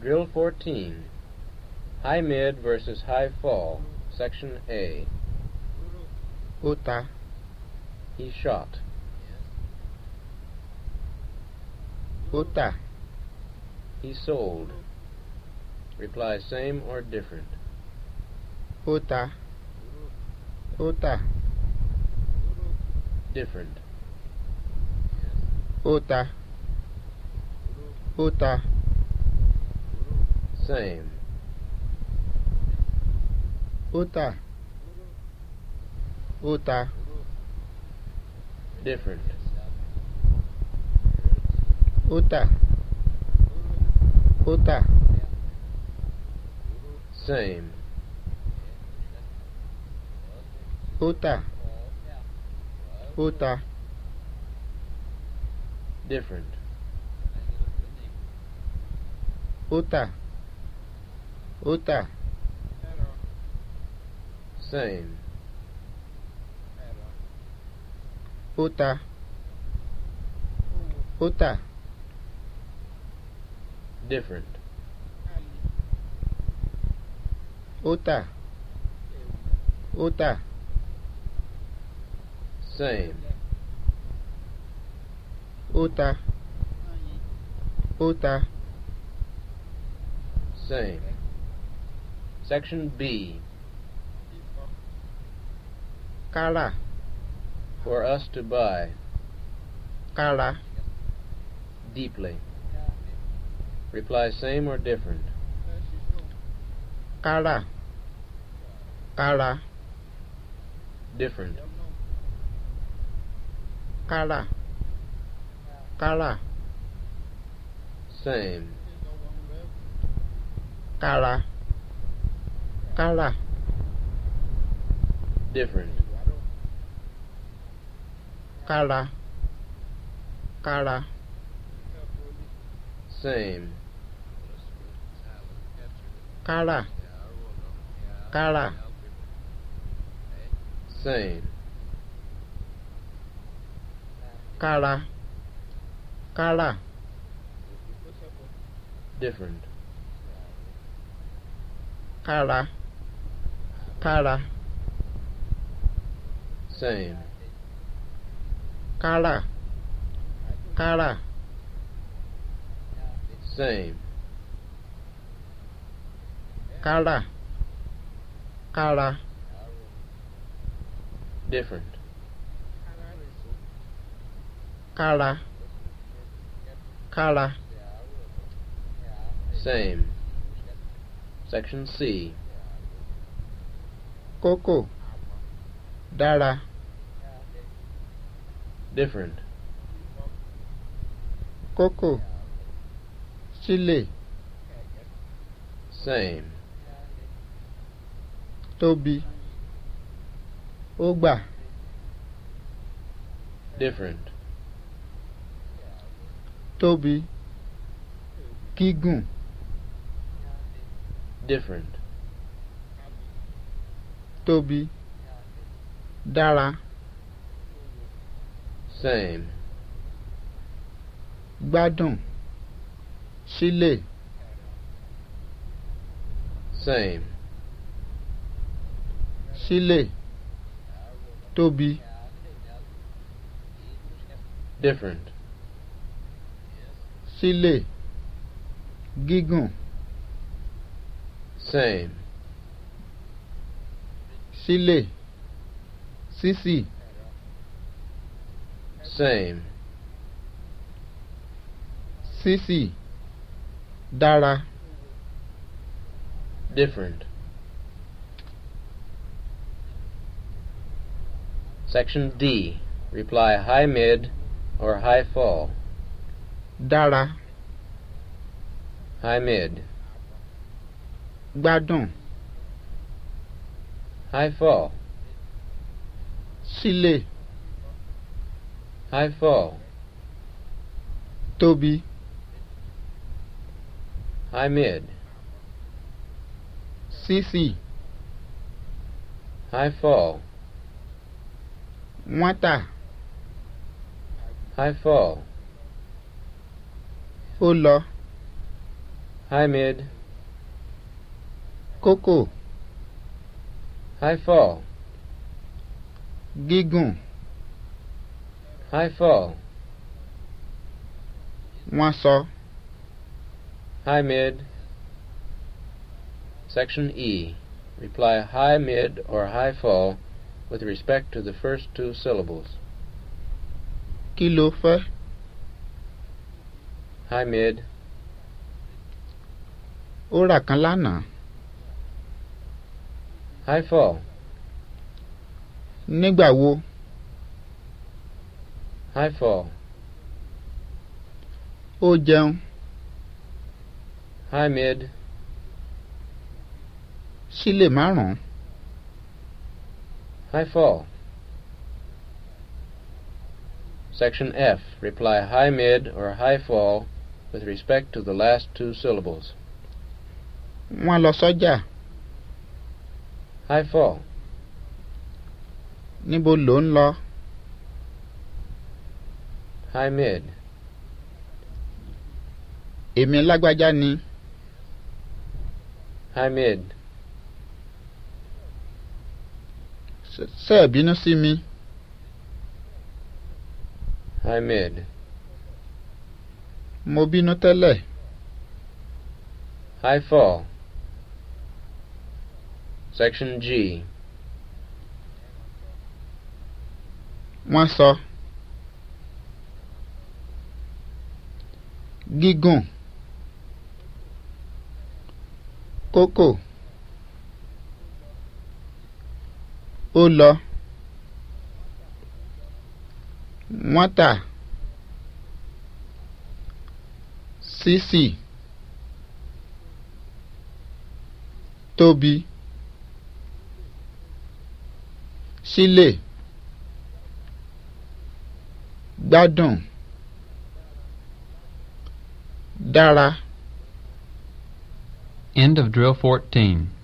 Drill 14 High Mid versus High Fall, Section A. Uta. He shot. Uta. He sold. Reply same or different. Uta. Uta. Different. Uta. Uta same. Uta. Uta. Different. Uta. Uta. Same. Uta. Uta. Different. Uta. Uh. Uta. Same. Uta. Uta. Different. Uta. Uta. Same. Uta. Uta. Same. Section B. Kala. For us to buy. Kala. Deeply. Reply same or different. Kala. Kala. Different. Kala. Kala. Same. Kala. Kala. Different. Kala. Kala. Same. Kala. Kala. Same. Kala. Kala. Different. Kala. Kara. Same. Kara. Kara. Same. Kara. Kara. Different. Kara. Kara. Same. Section C. kókò Dara, different. kókò sílè. same. tóbi ó different. tóbi Kigun, different tóbi dára. same. gbádùn sílẹ̀. same. sílẹ̀ tóbi. different. sílẹ̀ gígùn. same. sílè sísì. same. sísì dára. different. Section D. Reply high mid or high fall. Dára. High mid. Gbádùn. High four. Sile. High four. Toby. High mid. Sísì. High four. Wọ́ntà. High four. Ó High mid. Kókò. high fall. Gígùn. High fall. Wọ́n High mid. Section E. Reply high mid or high fall with respect to the first two syllables. Kí High mid. Ora kalana high fall. nígbà wo. high fall. ó jẹun. high mid. sílè high fall. Section F. Reply high mid or high fall with respect to the last two syllables. Wọ́n lọ sọ́jà. five four. níbo lò ń lọ. mid. èmi lágbájá ni. Hamid. mid. Se bínú sí mi. mid. mo bínú tẹ́lẹ̀. high four. Section G. Wọ́n sọ. Gígùn. Kókò. Ó lọ. Wọ́n tà. Sísì. Tóbi. sílè gbádùn dára. End of drill fourteen.